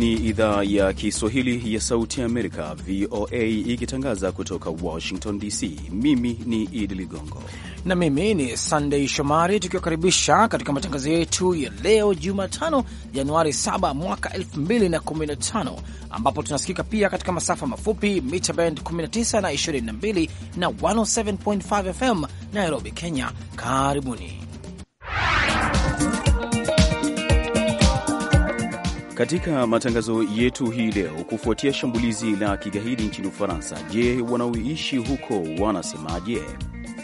Hii ni idhaa ya Kiswahili ya Sauti ya Amerika, VOA, ikitangaza kutoka Washington DC. Mimi ni Idi Ligongo na mimi ni Sandei Shomari, tukiwakaribisha katika matangazo yetu ya leo Jumatano, Januari 7 mwaka 2015, ambapo tunasikika pia katika masafa mafupi mita band 19 na 22 na 107.5 FM Nairobi, Kenya. Karibuni katika matangazo yetu hii leo. Kufuatia shambulizi la kigaidi nchini Ufaransa, je, wanaoishi huko wanasemaje?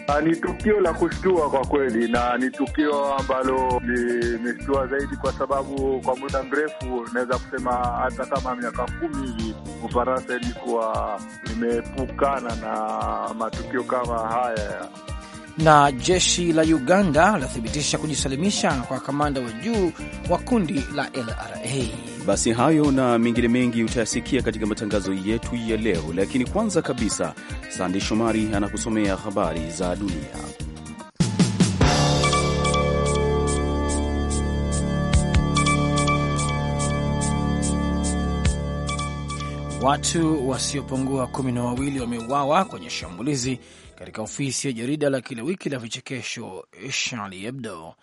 Ah, ni tukio la kushtua kwa kweli, na ni tukio ambalo limeshtua zaidi, kwa sababu kwa muda mrefu, unaweza kusema hata kama miaka kumi hivi, Ufaransa ilikuwa imeepukana na matukio kama haya na jeshi la Uganda lathibitisha kujisalimisha kwa kamanda wa juu wa kundi la LRA. Basi hayo na mengine mengi utayasikia katika matangazo yetu ya leo, lakini kwanza kabisa, sandi Shomari anakusomea habari za dunia. Watu wasiopungua kumi na wawili wameuawa kwenye shambulizi katika ofisi ya jarida la kila wiki la vichekesho Charlie Hebdo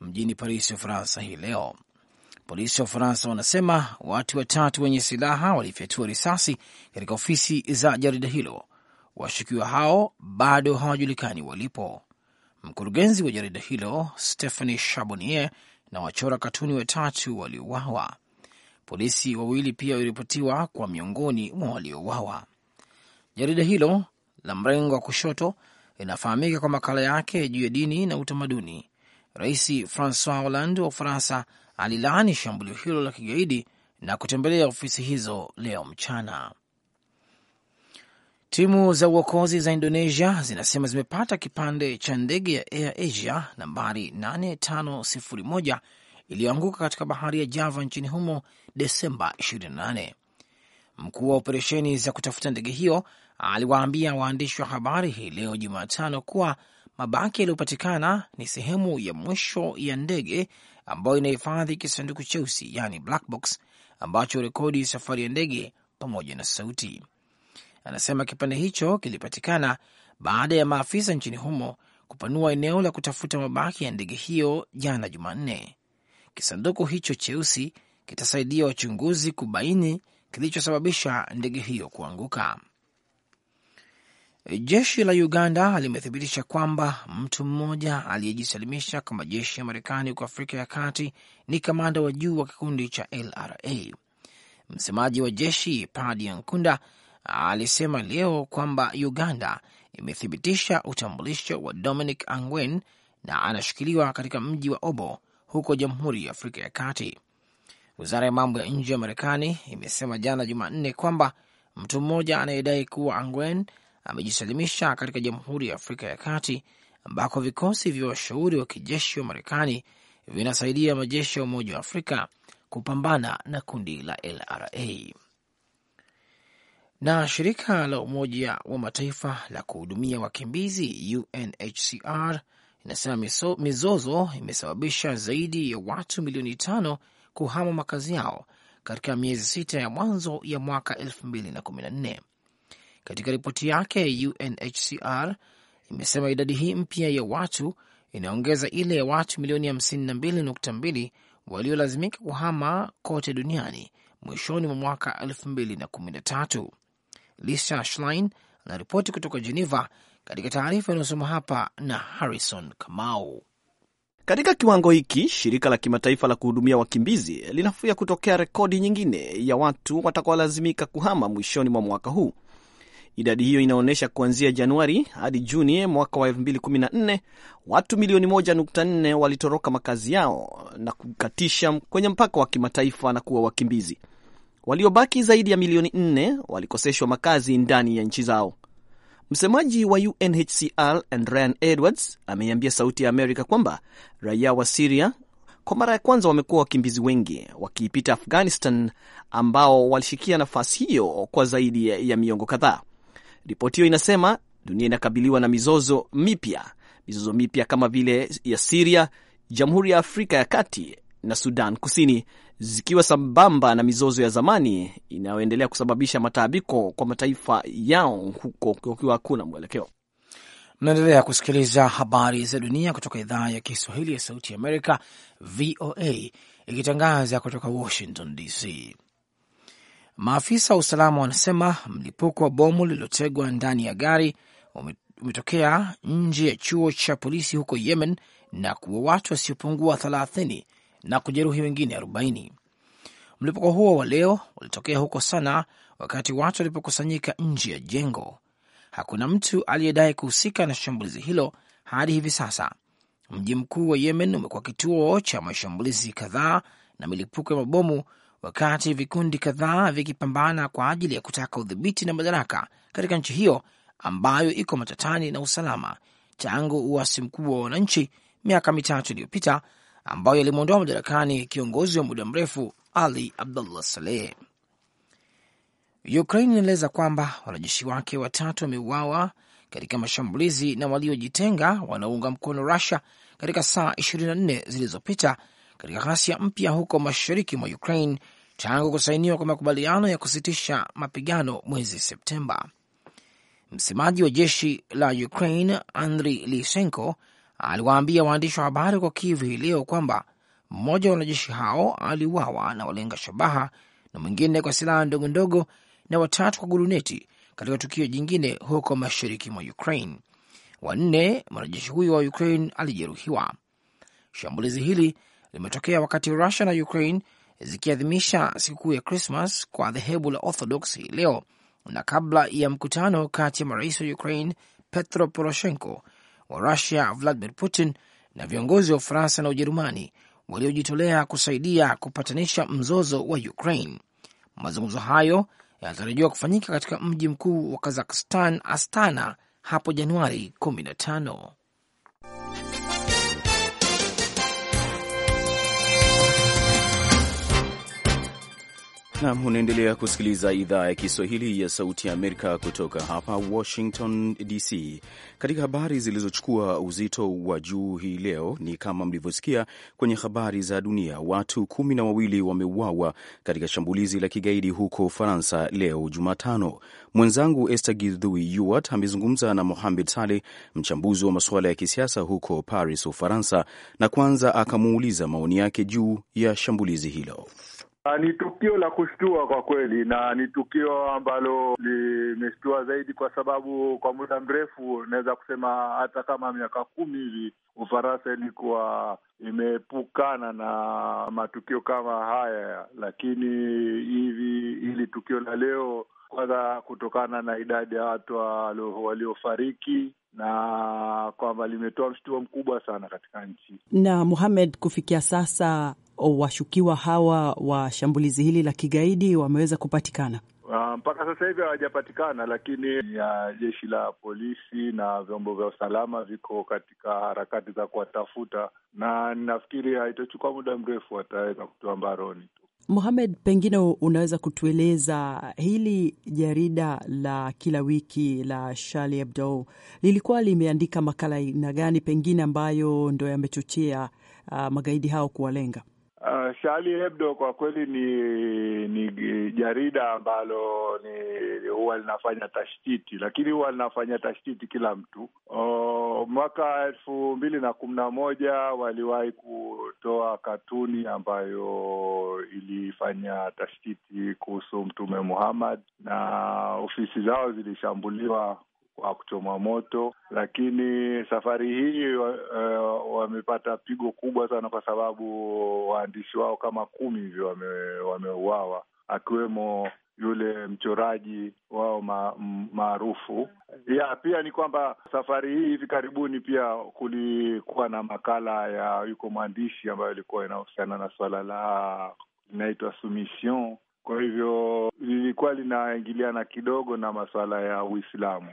mjini Paris, Ufaransa hii leo. Polisi wa Ufaransa wanasema watu watatu wenye silaha walifyatua risasi katika ofisi za jarida hilo. Washukiwa hao bado hawajulikani walipo. Mkurugenzi wa jarida hilo Stephanie chabonier na wachora katuni watatu waliouawa. Polisi wawili pia waliripotiwa kwa miongoni mwa waliouawa. Jarida hilo la mrengo wa kushoto inafahamika kwa makala yake juu ya dini na utamaduni. Rais Francois Hollande wa Ufaransa alilaani shambulio hilo la kigaidi na kutembelea ofisi hizo leo mchana. Timu za uokozi za Indonesia zinasema zimepata kipande cha ndege ya Air Asia nambari 8501 iliyoanguka katika bahari ya Java nchini humo Desemba 28. Mkuu wa operesheni za kutafuta ndege hiyo aliwaambia waandishi wa habari hii leo Jumatano kuwa mabaki yaliyopatikana ni sehemu ya mwisho ya ndege ambayo inahifadhi kisanduku cheusi, yani black box, ambacho rekodi safari ya ndege pamoja na sauti. Anasema kipande hicho kilipatikana baada ya maafisa nchini humo kupanua eneo la kutafuta mabaki ya ndege hiyo jana Jumanne. Kisanduku hicho cheusi kitasaidia wachunguzi kubaini kilichosababisha ndege hiyo kuanguka. Jeshi la Uganda limethibitisha kwamba mtu mmoja aliyejisalimisha kwa majeshi ya Marekani huko Afrika ya Kati ni kamanda wa juu wa kikundi cha LRA. Msemaji wa jeshi Padi Ankunda alisema leo kwamba Uganda imethibitisha utambulisho wa Dominic angwen na anashikiliwa katika mji wa Obo huko Jamhuri ya Afrika ya Kati. Wizara ya mambo ya nje ya Marekani imesema jana Jumanne kwamba mtu mmoja anayedai kuwa Angwen amejisalimisha katika Jamhuri ya Afrika ya Kati ambako vikosi vya washauri wa kijeshi wa Marekani vinasaidia majeshi ya Umoja wa Afrika kupambana na kundi la LRA. Na shirika la Umoja wa Mataifa la kuhudumia wakimbizi UNHCR inasema mizozo imesababisha zaidi ya watu milioni tano kuhama makazi yao katika miezi sita ya mwanzo ya mwaka nne. Katika ripoti yake, UNHCR imesema idadi hii mpya ya watu inaongeza ile ya watu milioni 52.2 waliolazimika kuhama kote duniani mwishoni mwa mwaka 2013. Lisa Schlein anaripoti kutoka Geneva katika taarifa inayosoma hapa na Harrison Kamau. Katika kiwango hiki, shirika la kimataifa la kuhudumia wakimbizi linahofia kutokea rekodi nyingine ya watu watakaolazimika kuhama mwishoni mwa mwaka huu Idadi hiyo inaonyesha kuanzia Januari hadi Juni mwaka wa 2014 watu milioni 1.4 walitoroka makazi yao na kukatisha kwenye mpaka wa kimataifa na kuwa wakimbizi. Waliobaki zaidi ya milioni 4 walikoseshwa makazi ndani ya nchi zao. Msemaji wa UNHCR Adrian Edwards ameiambia Sauti ya Amerika kwamba raia wa Siria kwa mara ya kwanza wamekuwa wakimbizi wengi wakiipita Afghanistan ambao walishikia nafasi hiyo kwa zaidi ya miongo kadhaa. Ripoti hiyo inasema dunia inakabiliwa na mizozo mipya, mizozo mipya kama vile ya Siria, Jamhuri ya Afrika ya Kati na Sudan Kusini, zikiwa sambamba na mizozo ya zamani inayoendelea kusababisha mataabiko kwa mataifa yao, huko kukiwa hakuna mwelekeo. Mnaendelea kusikiliza habari za dunia kutoka idhaa ya Kiswahili ya Sauti ya Amerika, VOA, ikitangaza kutoka Washington DC. Maafisa wa usalama wanasema mlipuko wa bomu lililotegwa ndani ya gari umetokea nje ya chuo cha polisi huko Yemen na kuwa watu wasiopungua 30 na kujeruhi wengine 40. Mlipuko huo wa leo ulitokea huko Sana wakati watu walipokusanyika nje ya jengo. Hakuna mtu aliyedai kuhusika na shambulizi hilo hadi hivi sasa. Mji mkuu wa Yemen umekuwa kituo cha mashambulizi kadhaa na milipuko ya mabomu wakati vikundi kadhaa vikipambana kwa ajili ya kutaka udhibiti na madaraka katika nchi hiyo ambayo iko matatani na usalama tangu uasi mkubwa wa wananchi miaka mitatu iliyopita ambayo yalimwondoa madarakani kiongozi wa muda mrefu Ali Abdullah Saleh. Ukraine inaeleza kwamba wanajeshi wake watatu wameuawa katika mashambulizi na waliojitenga wanaunga mkono Rusia katika saa 24 zilizopita katika ghasia mpya huko mashariki mwa Ukraine tangu kusainiwa kwa makubaliano ya kusitisha mapigano mwezi Septemba. Msemaji wa jeshi la Ukraine Andri Lisenko aliwaambia waandishi wa habari kwa Kiev hii leo kwamba mmoja wa wanajeshi hao aliuawa na walenga shabaha na mwingine kwa silaha ndogo ndogo na watatu kwa guruneti katika tukio jingine huko mashariki mwa Ukraine. Wanne mwanajeshi huyo wa Ukraine alijeruhiwa. Shambulizi hili limetokea wakati Rusia na Ukraine zikiadhimisha sikukuu ya Krismas kwa dhehebu la Orthodox hii leo na kabla ya mkutano kati ya marais wa Ukraine Petro Poroshenko, wa Rusia Vladimir Putin na viongozi wa Ufaransa na Ujerumani waliojitolea kusaidia kupatanisha mzozo wa Ukraine. Mazungumzo hayo yanatarajiwa kufanyika katika mji mkuu wa Kazakhstan, Astana, hapo Januari 15. nam unaendelea kusikiliza idhaa ya Kiswahili ya Sauti ya Amerika kutoka hapa Washington DC. Katika habari zilizochukua uzito wa juu hii leo ni kama mlivyosikia kwenye habari za dunia, watu kumi na wawili wameuawa katika shambulizi la kigaidi huko ufaransa leo Jumatano. Mwenzangu Esther gidhui Yuwat amezungumza na Mohamed Saleh, mchambuzi wa masuala ya kisiasa huko Paris, Ufaransa, na kwanza akamuuliza maoni yake juu ya shambulizi hilo. Ah, ni tukio la kushtua kwa kweli, na ni tukio ambalo limeshtua zaidi kwa sababu kwa muda mrefu, naweza kusema hata kama miaka kumi hivi, Ufaransa ilikuwa imeepukana na matukio kama haya, lakini hivi hili tukio la leo kwanza kutokana na idadi ya watu waliofariki na kwamba limetoa mshtuo mkubwa sana katika nchi. Na Muhamed, kufikia sasa washukiwa hawa wa shambulizi hili la kigaidi wameweza kupatikana? Ah, mpaka sasa hivi hawajapatikana, lakini ya jeshi la polisi na vyombo vya usalama viko katika harakati za kuwatafuta, na nafikiri haitachukua muda mrefu, wataweza kutoa mbaroni tu. Mohamed, pengine unaweza kutueleza hili jarida la kila wiki la Charlie Hebdo lilikuwa limeandika makala aina gani, pengine ambayo ndo yamechochea uh, magaidi hao kuwalenga? Uh, Hebdo kwa kweli ni ni jarida ambalo ni huwa linafanya tashtiti, lakini huwa linafanya tashtiti kila mtu. Uh, mwaka elfu mbili na kumi na moja waliwahi kutoa katuni ambayo ilifanya tashtiti kuhusu Mtume Muhammad na ofisi zao zilishambuliwa wa kuchomwa moto, lakini safari hii uh, wamepata pigo kubwa sana, kwa sababu waandishi wao kama kumi hivyo wameuawa, wame akiwemo yule mchoraji wao maarufu. Ya pia ni kwamba safari hii hivi karibuni pia kulikuwa na makala ya yuko mwandishi ambayo ilikuwa inahusiana na swala la linaitwa Sumission, kwa hivyo lilikuwa linaingiliana kidogo na masuala ya Uislamu.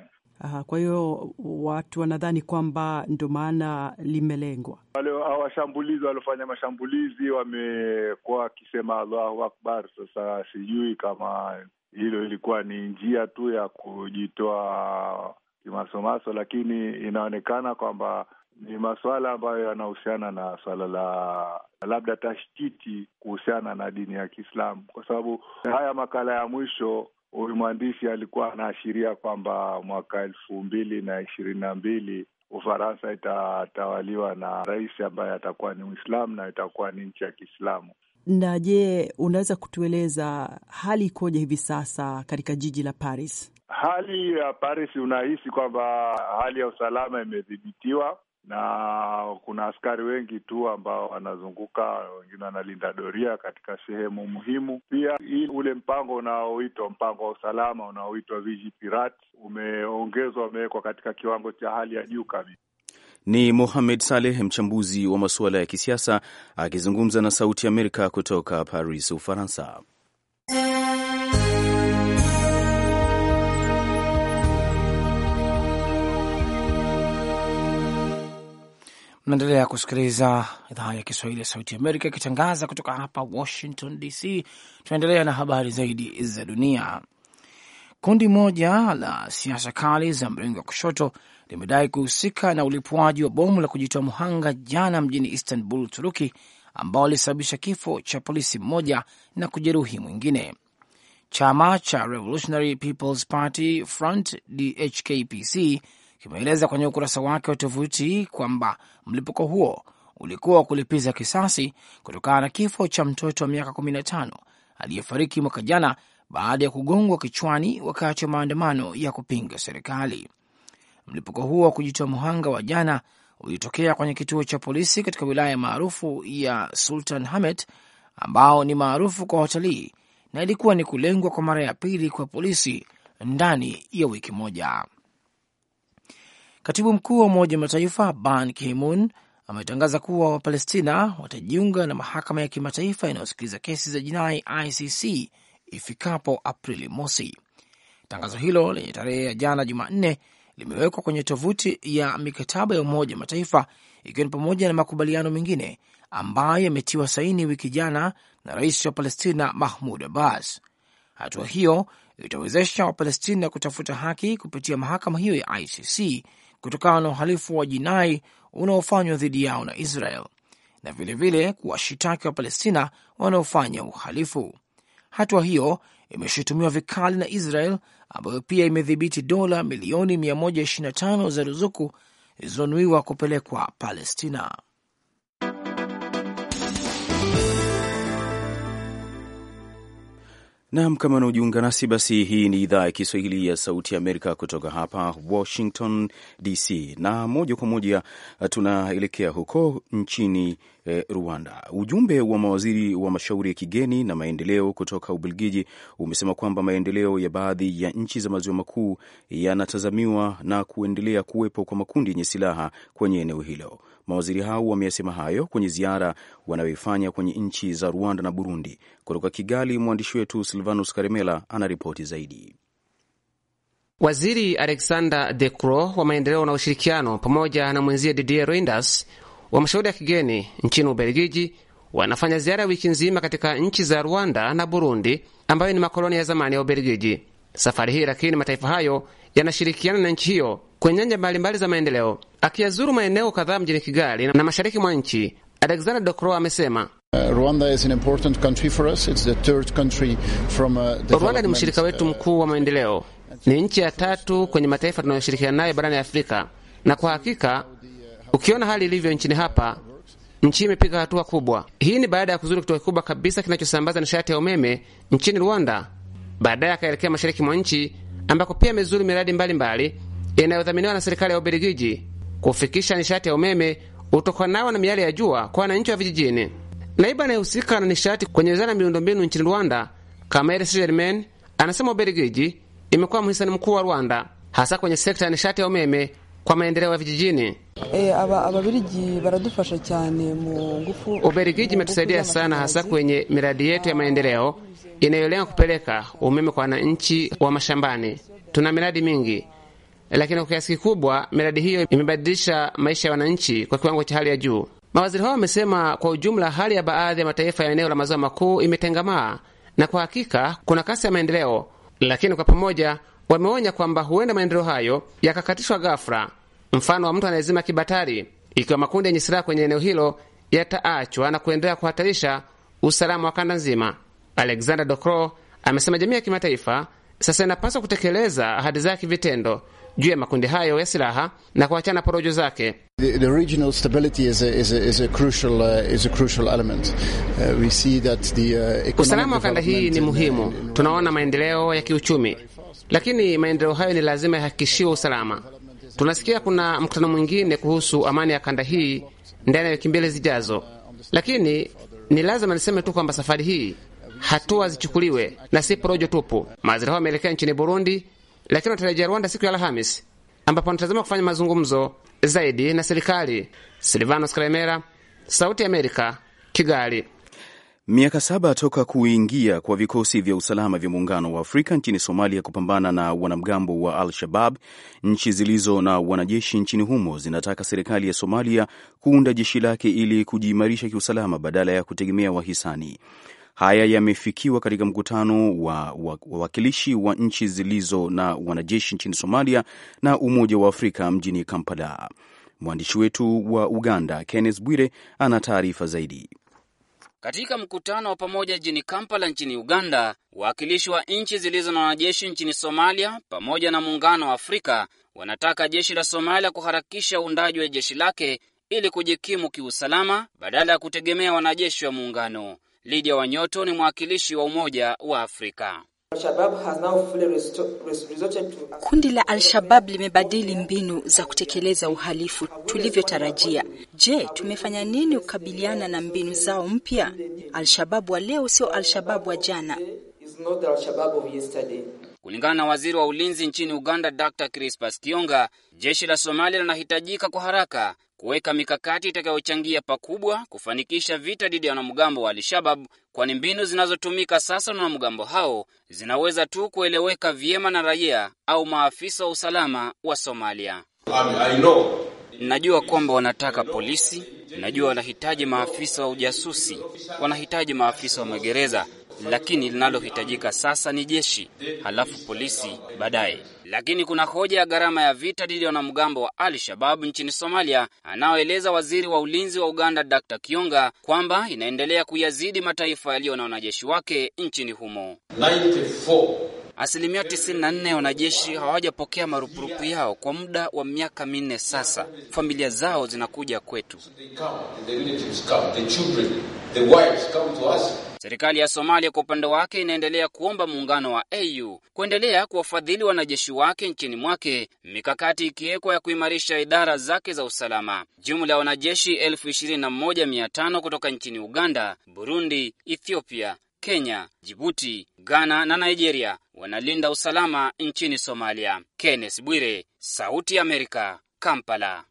Kwa hiyo watu wanadhani kwamba ndo maana limelengwa. Wale washambulizi waliofanya mashambulizi wamekuwa wakisema Allahu Akbar. Sasa sijui kama hilo ilikuwa ni njia tu ya kujitoa kimasomaso, lakini inaonekana kwamba ni masuala ambayo yanahusiana na swala la labda tashtiti kuhusiana na dini ya Kiislamu, kwa sababu haya makala ya mwisho huyu mwandishi alikuwa anaashiria kwamba mwaka elfu mbili na ishirini na mbili Ufaransa itatawaliwa na rais ambaye atakuwa ni Mwislamu na itakuwa ni nchi ya Kiislamu. Na je, unaweza kutueleza hali ikoje hivi sasa katika jiji la Paris? Hali ya Paris, unahisi kwamba hali ya usalama imedhibitiwa na kuna askari wengi tu ambao wanazunguka, wengine wanalinda doria katika sehemu muhimu. Pia ule mpango unaoitwa mpango wa usalama unaoitwa Vigipirat umeongezwa, umewekwa katika kiwango cha hali ya juu kabisa. Ni Mohamed Saleh, mchambuzi wa masuala ya kisiasa, akizungumza na Sauti Amerika kutoka Paris, Ufaransa. Mnaendelea kusikiliza idhaa ya Kiswahili ya Sauti Amerika ikitangaza kutoka hapa Washington DC. Tunaendelea na habari zaidi za dunia. Kundi moja la siasa kali za mrengo wa kushoto limedai kuhusika na ulipuaji wa bomu la kujitoa muhanga jana mjini Istanbul, Uturuki, ambao alisababisha kifo cha polisi mmoja na kujeruhi mwingine. Chama cha Revolutionary People's Party Front DHKPC kimeeleza kwenye ukurasa wake wa tovuti kwamba mlipuko huo ulikuwa wa kulipiza kisasi kutokana na kifo cha mtoto wa miaka 15 aliyefariki mwaka jana baada ya kugongwa kichwani wakati wa maandamano ya kupinga serikali. Mlipuko huo wa kujitoa muhanga wa jana ulitokea kwenye kituo cha polisi katika wilaya maarufu ya Sultan Hamet ambao ni maarufu kwa watalii na ilikuwa ni kulengwa kwa mara ya pili kwa polisi ndani ya wiki moja. Katibu mkuu wa Umoja Mataifa Ban Ki-moon ametangaza kuwa Wapalestina watajiunga na mahakama ya kimataifa inayosikiliza kesi za jinai ICC ifikapo Aprili mosi. Tangazo hilo lenye tarehe ya jana Jumanne limewekwa kwenye tovuti ya mikataba ya Umoja Mataifa ikiwa ni pamoja na makubaliano mengine ambayo yametiwa saini wiki jana na rais wa Palestina Mahmud Abbas. Hatua hiyo itawezesha Wapalestina kutafuta haki kupitia mahakama hiyo ya ICC kutokana na uhalifu wa jinai unaofanywa dhidi yao na Israel na vilevile kuwashitaki wa Palestina wanaofanya uhalifu. Hatua hiyo imeshutumiwa vikali na Israel ambayo pia imedhibiti dola milioni 125 za ruzuku zilizonuiwa kupelekwa Palestina. Nam, kama unaojiunga nasi basi, hii ni idhaa ya Kiswahili ya Sauti ya Amerika kutoka hapa Washington DC, na moja kwa moja uh, tunaelekea huko nchini uh, Rwanda. Ujumbe wa mawaziri wa mashauri ya kigeni na maendeleo kutoka Ubelgiji umesema kwamba maendeleo ya baadhi ya nchi za maziwa makuu yanatazamiwa na kuendelea kuwepo kwa makundi yenye silaha kwenye eneo hilo. Mawaziri hao wameyasema hayo kwenye ziara wanayoifanya kwenye nchi za Rwanda na Burundi. Kutoka Kigali, mwandishi wetu Silvanus Karemela ripoti zaidi. Waziri Alexander De Croo wa maendeleo na ushirikiano pamoja na mwenzie Didier Reynders wa mashauri ya kigeni nchini Ubelgiji wanafanya ziara ya wiki nzima katika nchi za Rwanda na Burundi ambayo ni makoloni ya zamani ya Ubelgiji. Safari hii lakini mataifa hayo yanashirikiana na nchi hiyo kwenye nyanja mbalimbali za maendeleo. Akiyazuru maeneo kadhaa mjini Kigali na mashariki mwa nchi, Alexander Dokroa amesema uh, uh, Rwanda ni mshirika uh, wetu mkuu wa maendeleo, ni nchi ya tatu kwenye mataifa tunayoshirikiana nayo barani ya Afrika, na kwa hakika ukiona hali ilivyo nchini hapa, nchi imepiga hatua kubwa. Hii ni baada ya kuzuru kituo kikubwa kabisa kinachosambaza nishati ya umeme nchini Rwanda. Baadaye akaelekea mashariki mwa nchi ambako pia imezuru miradi mbalimbali inayodhaminiwa na serikali ya Ubelgiji kufikisha nishati ya umeme utokanao na miale ya jua kwa wananchi wa vijijini. Naibu anayehusika na nishati kwenye wizara ya miundombinu nchini Rwanda, Kamere Germain, anasema Ubelgiji imekuwa mhisani mkuu wa Rwanda hasa kwenye sekta ya nishati ya umeme kwa maendeleo ya vijijini. E, Ubelgiji imetusaidia sana hasa kwenye miradi yetu ya maendeleo inayolenga kupeleka umeme kwa wananchi wa mashambani. Tuna miradi mingi, lakini kwa kiasi kikubwa miradi hiyo imebadilisha maisha ya wananchi kwa kiwango cha hali ya juu. Mawaziri hao wamesema kwa ujumla hali ya baadhi ya mataifa ya eneo la maziwa makuu imetengamaa na kwa hakika kuna kasi ya maendeleo, lakini kwa pamoja wameonya kwamba huenda maendeleo hayo yakakatishwa ghafla, mfano wa mtu anayezima kibatari, ikiwa makundi yenye silaha kwenye eneo hilo yataachwa na kuendelea kuhatarisha usalama wa kanda nzima. Alexander Dokro amesema jamii ya kimataifa sasa inapaswa kutekeleza ahadi zake vitendo juu ya makundi hayo ya silaha na kuachana porojo zake. Uh, uh, usalama wa kanda hii ni uh, muhimu. Tunaona maendeleo ya kiuchumi, lakini maendeleo hayo ni lazima yahakikishiwe usalama. Tunasikia kuna mkutano mwingine kuhusu amani ya kanda hii ndani ya wiki mbili zijazo, lakini ni lazima niseme tu kwamba safari hii hatua zichukuliwe na si porojo tupu. Mawaziri hao wameelekea nchini Burundi, lakini wanatarajia Rwanda siku ya Alhamis, ambapo wanatazama kufanya mazungumzo zaidi na serikali. Silvanos Karemera, Sauti ya Amerika, Kigali. Miaka saba toka kuingia kwa vikosi vya usalama vya muungano wa Afrika nchini Somalia kupambana na wanamgambo wa Al-Shabab, nchi zilizo na wanajeshi nchini humo zinataka serikali ya Somalia kuunda jeshi lake ili kujiimarisha kiusalama badala ya kutegemea wahisani. Haya yamefikiwa katika mkutano wa wawakilishi wa, wa nchi zilizo na wanajeshi nchini Somalia na Umoja wa Afrika mjini Kampala. Mwandishi wetu wa Uganda Kenneth Bwire ana taarifa zaidi. Katika mkutano wa pamoja jijini Kampala nchini Uganda, wawakilishi wa nchi zilizo na wanajeshi nchini Somalia pamoja na Muungano wa Afrika wanataka jeshi la Somalia kuharakisha uundaji wa jeshi lake ili kujikimu kiusalama badala ya kutegemea wanajeshi wa muungano. Lydia Wanyoto ni mwakilishi wa Umoja wa Afrika. Kundi la Al-Shabab limebadili mbinu za kutekeleza uhalifu tulivyotarajia. Je, tumefanya nini kukabiliana na mbinu zao mpya? Al-Shabab wa leo sio Al-Shabab wa jana. Kulingana na waziri wa ulinzi nchini Uganda, Dr. Crispas Kionga, jeshi la Somalia linahitajika kwa haraka kuweka mikakati itakayochangia pakubwa kufanikisha vita dhidi ya wanamgambo wa Al-Shabab, kwani mbinu zinazotumika sasa na wanamgambo hao zinaweza tu kueleweka vyema na raia au maafisa wa usalama wa Somalia. I know. Najua kwamba wanataka polisi, najua wanahitaji maafisa wa ujasusi, wanahitaji maafisa wa magereza lakini linalohitajika sasa ni jeshi, halafu polisi baadaye. Lakini kuna hoja ya gharama ya vita dhidi ya wanamgambo wa Al Shabab nchini Somalia, anaoeleza waziri wa ulinzi wa Uganda Dr. Kionga kwamba inaendelea kuyazidi mataifa yaliyo na wanajeshi wake nchini humo 94. Asilimia 94 ya wanajeshi hawajapokea marupurupu yao kwa muda wa miaka minne sasa. Familia zao zinakuja kwetu. so they come, the Serikali ya Somalia kwa upande wake inaendelea kuomba muungano wa AU kuendelea kuwafadhili wanajeshi wake nchini mwake, mikakati ikiwekwa ya kuimarisha idara zake za usalama. Jumla ya wanajeshi elfu kutoka nchini Uganda, Burundi, Ethiopia, Kenya, Jibuti, Ghana na Nigeria wanalinda usalama nchini Somalia. Kenneth Bwire, Sauti ya Amerika, Kampala.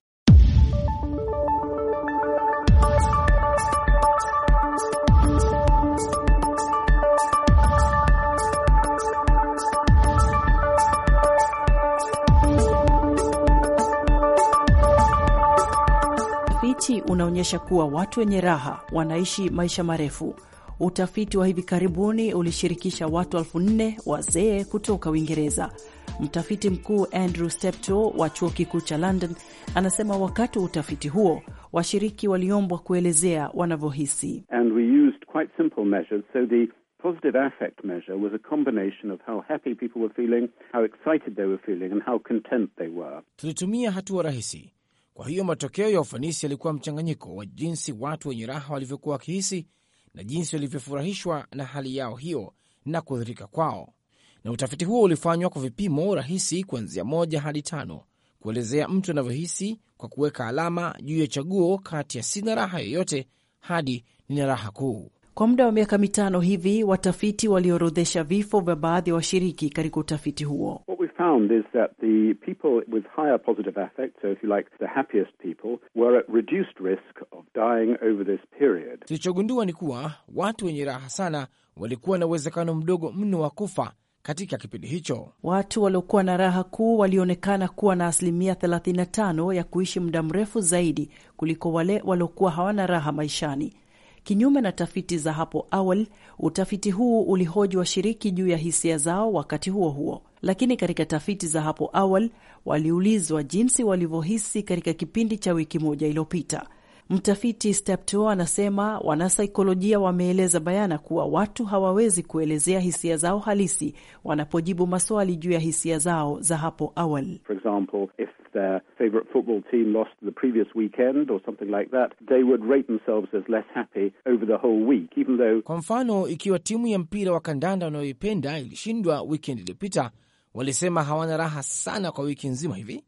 Utafiti unaonyesha kuwa watu wenye raha wanaishi maisha marefu. Utafiti wa hivi karibuni ulishirikisha watu elfu nne wazee kutoka Uingereza. Mtafiti mkuu Andrew Steptoe wa chuo kikuu cha London anasema wakati wa utafiti huo washiriki waliombwa kuelezea wanavyohisi. Positive affect measure was a combination of how happy people were feeling, how excited they were feeling and how content they were. Tulitumia hatua rahisi kwa hiyo matokeo ya ufanisi yalikuwa mchanganyiko wa jinsi watu wenye raha walivyokuwa wakihisi na jinsi walivyofurahishwa na hali yao hiyo na kudhirika kwao. Na utafiti huo ulifanywa kwa vipimo rahisi kuanzia moja hadi tano kuelezea mtu anavyohisi kwa kuweka alama juu ya chaguo kati ya sina raha yoyote hadi nina raha kuu. Kwa muda wa miaka mitano hivi, watafiti waliorodhesha vifo vya baadhi ya washiriki katika utafiti huo. found is that the people with higher positive affect, so if you like the happiest people, were at reduced risk of dying over this period. Tulichogundua ni kuwa watu wenye raha sana walikuwa na uwezekano mdogo mno wa kufa katika kipindi hicho. Watu waliokuwa na raha kuu walionekana kuwa na asilimia 35 ya kuishi muda mrefu zaidi kuliko wale waliokuwa hawana raha maishani. Kinyume na tafiti za hapo awali, utafiti huu ulihoji washiriki juu ya hisia zao wakati huo huo, lakini katika tafiti za hapo awali waliulizwa jinsi walivyohisi katika kipindi cha wiki moja iliyopita. Mtafiti Stepto anasema wanasaikolojia wameeleza bayana kuwa watu hawawezi kuelezea hisia zao halisi wanapojibu maswali juu ya hisia zao za hapo awali. For example, if their favorite football team lost the previous weekend or something like that, they would rate themselves as less happy over the whole week, even though... Kwa mfano, ikiwa timu ya mpira wa kandanda wanayoipenda ilishindwa weekend iliyopita, walisema hawana raha sana kwa wiki nzima hivi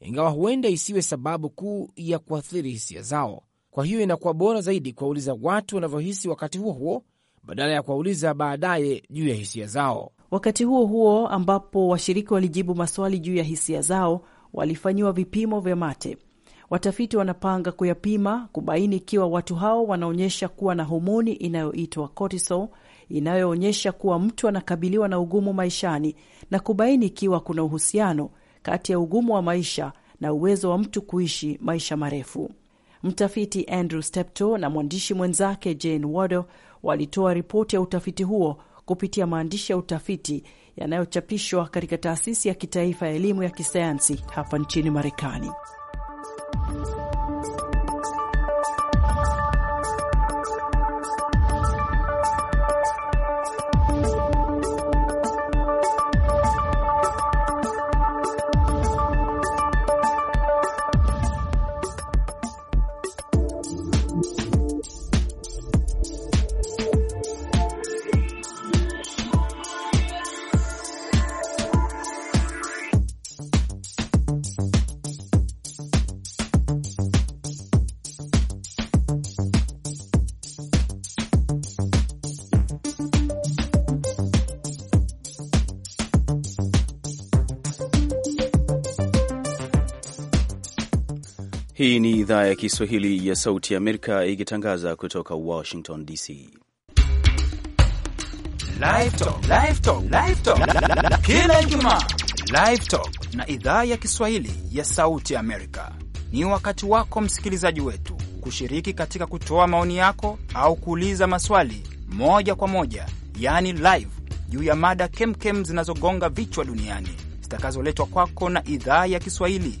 ingawa huenda isiwe sababu kuu ya kuathiri hisia zao. Kwa hiyo inakuwa bora zaidi kuwauliza watu wanavyohisi wakati huo huo badala ya kuwauliza baadaye juu ya hisia zao. Wakati huo huo ambapo washiriki walijibu maswali juu ya hisia zao, walifanyiwa vipimo vya mate. Watafiti wanapanga kuyapima kubaini ikiwa watu hao wanaonyesha kuwa na homoni inayoitwa cortisol inayoonyesha kuwa mtu anakabiliwa na ugumu maishani na kubaini ikiwa kuna uhusiano kati ya ugumu wa maisha na uwezo wa mtu kuishi maisha marefu. Mtafiti Andrew Steptoe na mwandishi mwenzake Jane Wardow walitoa ripoti ya utafiti huo kupitia maandishi ya utafiti yanayochapishwa katika taasisi ya kitaifa ya elimu ya kisayansi hapa nchini Marekani. Hii ni idhaa ya Kiswahili ya Sauti ya Amerika ikitangaza kutoka Washington DC. Kila Ijumaa Live Talk na idhaa ya Kiswahili ya Sauti Amerika ni wakati wako msikilizaji wetu kushiriki katika kutoa maoni yako au kuuliza maswali moja kwa moja, yaani live, juu ya mada kemkem zinazogonga vichwa duniani zitakazoletwa kwako na idhaa ya Kiswahili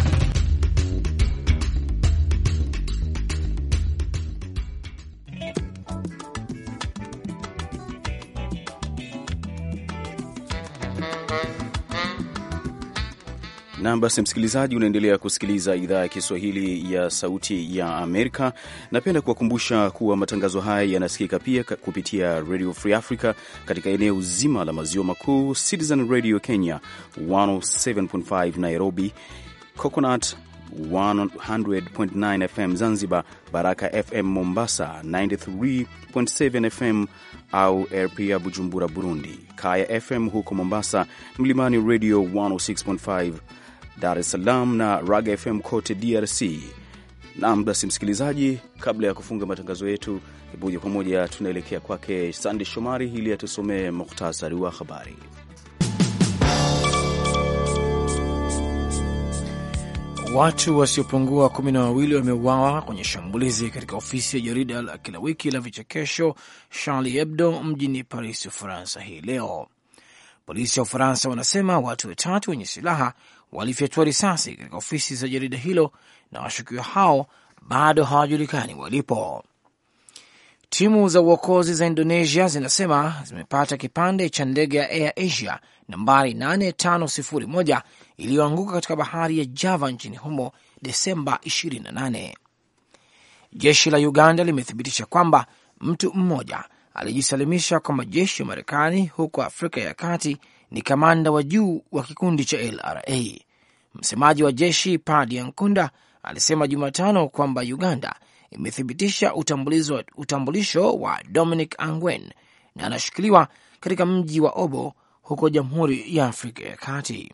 Nam, basi msikilizaji, unaendelea kusikiliza idhaa ya Kiswahili ya Sauti ya Amerika. Napenda kuwakumbusha kuwa matangazo haya yanasikika pia kupitia Radio Free Africa katika eneo zima la maziwa makuu, Citizen Radio Kenya 107.5 Nairobi, Coconut 100.9 FM Zanzibar, Baraka FM Mombasa 93.7 FM au RPA Bujumbura Burundi, Kaya FM huko Mombasa, Mlimani Radio 106.5 Dar es Salaam na Raga FM kote DRC. Naam, basi msikilizaji, kabla ya kufunga matangazo yetu moja kwa moja, tunaelekea kwake Sandi Shomari ili atusomee muhtasari wa habari. Watu wasiopungua kumi na wawili wameuawa kwenye shambulizi katika ofisi ya jarida la kila wiki la vichekesho Charlie Hebdo mjini Paris, Ufaransa hii leo. Polisi ya Ufaransa wanasema watu watatu wenye silaha walifyatua risasi katika ofisi za jarida hilo na washukiwa hao bado hawajulikani walipo. Timu za uokozi za Indonesia zinasema zimepata kipande cha ndege ya Air Asia nambari 8501 iliyoanguka katika bahari ya Java nchini humo Desemba 28. Jeshi la Uganda limethibitisha kwamba mtu mmoja alijisalimisha kwa majeshi ya Marekani huko Afrika ya Kati ni kamanda wa juu wa kikundi cha LRA. Msemaji wa jeshi Padi Ankunda alisema Jumatano kwamba Uganda imethibitisha utambulisho wa Dominic angwen na anashikiliwa katika mji wa Obo huko Jamhuri ya Afrika ya Kati.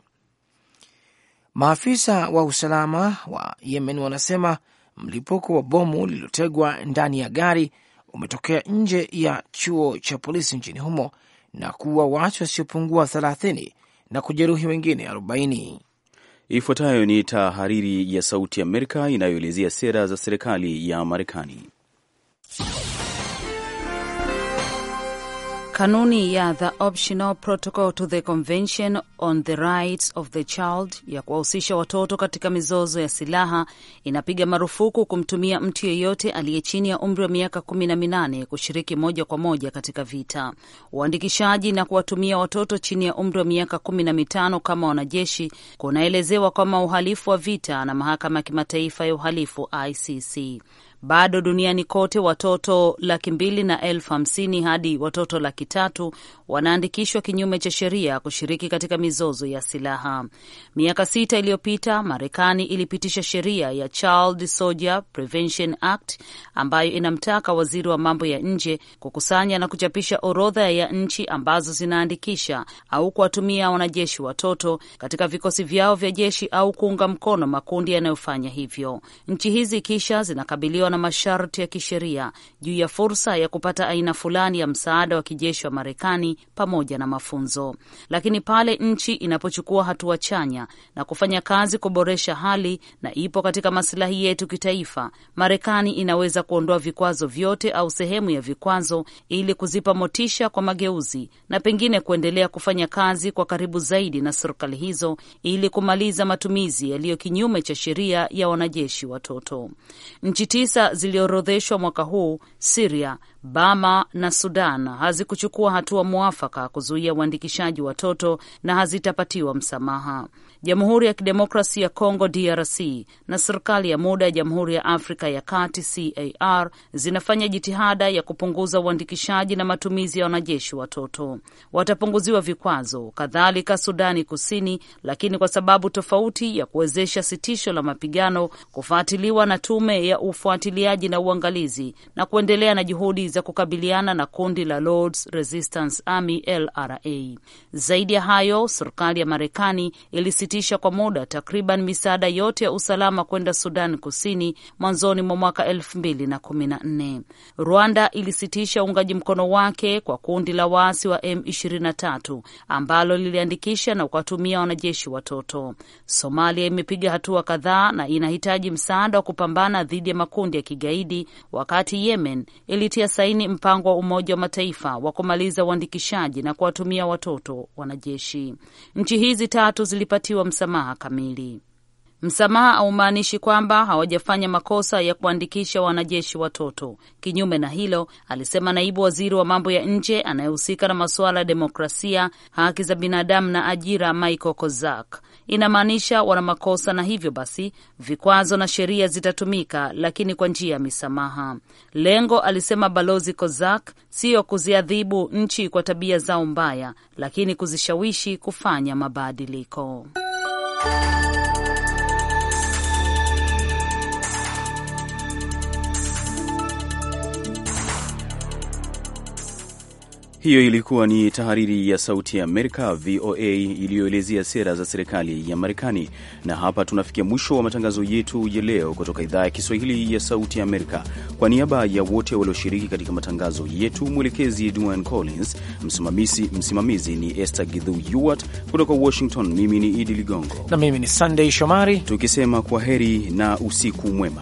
Maafisa wa usalama wa Yemen wanasema mlipuko wa bomu lililotegwa ndani ya gari umetokea nje ya chuo cha polisi nchini humo na kuwa watu wasiopungua 30 na kujeruhi wengine 40. Ifuatayo ni tahariri ya Sauti ya Amerika inayoelezea sera za serikali ya Marekani. Kanuni ya The Optional Protocol to the Convention on the Rights of the Child ya kuwahusisha watoto katika mizozo ya silaha inapiga marufuku kumtumia mtu yeyote aliye chini ya umri wa miaka kumi na minane kushiriki moja kwa moja katika vita, uandikishaji na kuwatumia watoto chini ya umri wa miaka kumi na mitano kama wanajeshi kunaelezewa kama uhalifu wa vita na mahakama ya kimataifa ya uhalifu ICC. Bado duniani kote watoto laki mbili na elfu hamsini hadi watoto laki tatu wanaandikishwa kinyume cha sheria kushiriki katika mizozo ya silaha. Miaka sita iliyopita, Marekani ilipitisha sheria ya Child Soldier Prevention Act ambayo inamtaka waziri wa mambo ya nje kukusanya na kuchapisha orodha ya nchi ambazo zinaandikisha au kuwatumia wanajeshi watoto katika vikosi vyao vya jeshi au kuunga mkono makundi yanayofanya hivyo. Nchi hizi kisha zinakabiliwa kukabiliwa na masharti ya kisheria juu ya fursa ya kupata aina fulani ya msaada wa kijeshi wa Marekani pamoja na mafunzo, lakini pale nchi inapochukua hatua chanya na kufanya kazi kuboresha hali na ipo katika masilahi yetu kitaifa, Marekani inaweza kuondoa vikwazo vyote au sehemu ya vikwazo ili kuzipa motisha kwa mageuzi na pengine kuendelea kufanya kazi kwa karibu zaidi na serikali hizo ili kumaliza matumizi yaliyo kinyume cha sheria ya wanajeshi watoto. Nchi tisa tisa ziliorodheshwa mwaka huu, Siria, Bama na Sudan hazikuchukua hatua mwafaka kuzuia uandikishaji watoto na hazitapatiwa msamaha. Jamhuri ya Kidemokrasi ya Kongo DRC na serikali ya muda ya Jamhuri ya Afrika ya Kati CAR zinafanya jitihada ya kupunguza uandikishaji na matumizi ya wanajeshi watoto. Watapunguziwa vikwazo, kadhalika Sudani Kusini, lakini kwa sababu tofauti ya kuwezesha sitisho la mapigano kufuatiliwa na tume ya ufuatiliaji na uangalizi na kuendelea na juhudi za kukabiliana na kundi la Lords Resistance Army LRA. Zaidi ya hayo, serikali ya Marekani ilisi kusitisha kwa muda takriban misaada yote ya usalama kwenda Sudan Kusini mwanzoni mwa mwaka elfu mbili na kumi na nne. Rwanda ilisitisha uungaji mkono wake kwa kundi la waasi wa M23 ambalo liliandikisha na kuwatumia wanajeshi watoto. Somalia imepiga hatua kadhaa na inahitaji msaada wa kupambana dhidi ya makundi ya kigaidi, wakati Yemen ilitia saini mpango wa Umoja wa Mataifa wa kumaliza uandikishaji na kuwatumia watoto wanajeshi. Nchi hizi tatu zilipatiwa kupatiwa msamaha kamili. Msamaha haumaanishi kwamba hawajafanya makosa ya kuandikisha wanajeshi watoto. Kinyume na hilo, alisema naibu waziri wa mambo ya nje anayehusika na masuala ya demokrasia, haki za binadamu na ajira, Michael Kozak. Inamaanisha wana makosa, na hivyo basi vikwazo na sheria zitatumika, lakini kwa njia ya misamaha. Lengo, alisema balozi Kozak, siyo kuziadhibu nchi kwa tabia zao mbaya, lakini kuzishawishi kufanya mabadiliko. Música Hiyo ilikuwa ni tahariri ya Sauti ya Amerika, VOA, iliyoelezea sera za serikali ya Marekani. Na hapa tunafikia mwisho wa matangazo yetu ya leo kutoka idhaa ya Kiswahili ya Sauti ya Amerika. Kwa niaba ya wote walioshiriki katika matangazo yetu, mwelekezi Duan Collins, msimamizi, msimamizi ni Esther Gidhu Yuwat kutoka Washington. Mimi ni Idi Ligongo na mimi ni Sandey Shomari, tukisema kwa heri na usiku mwema.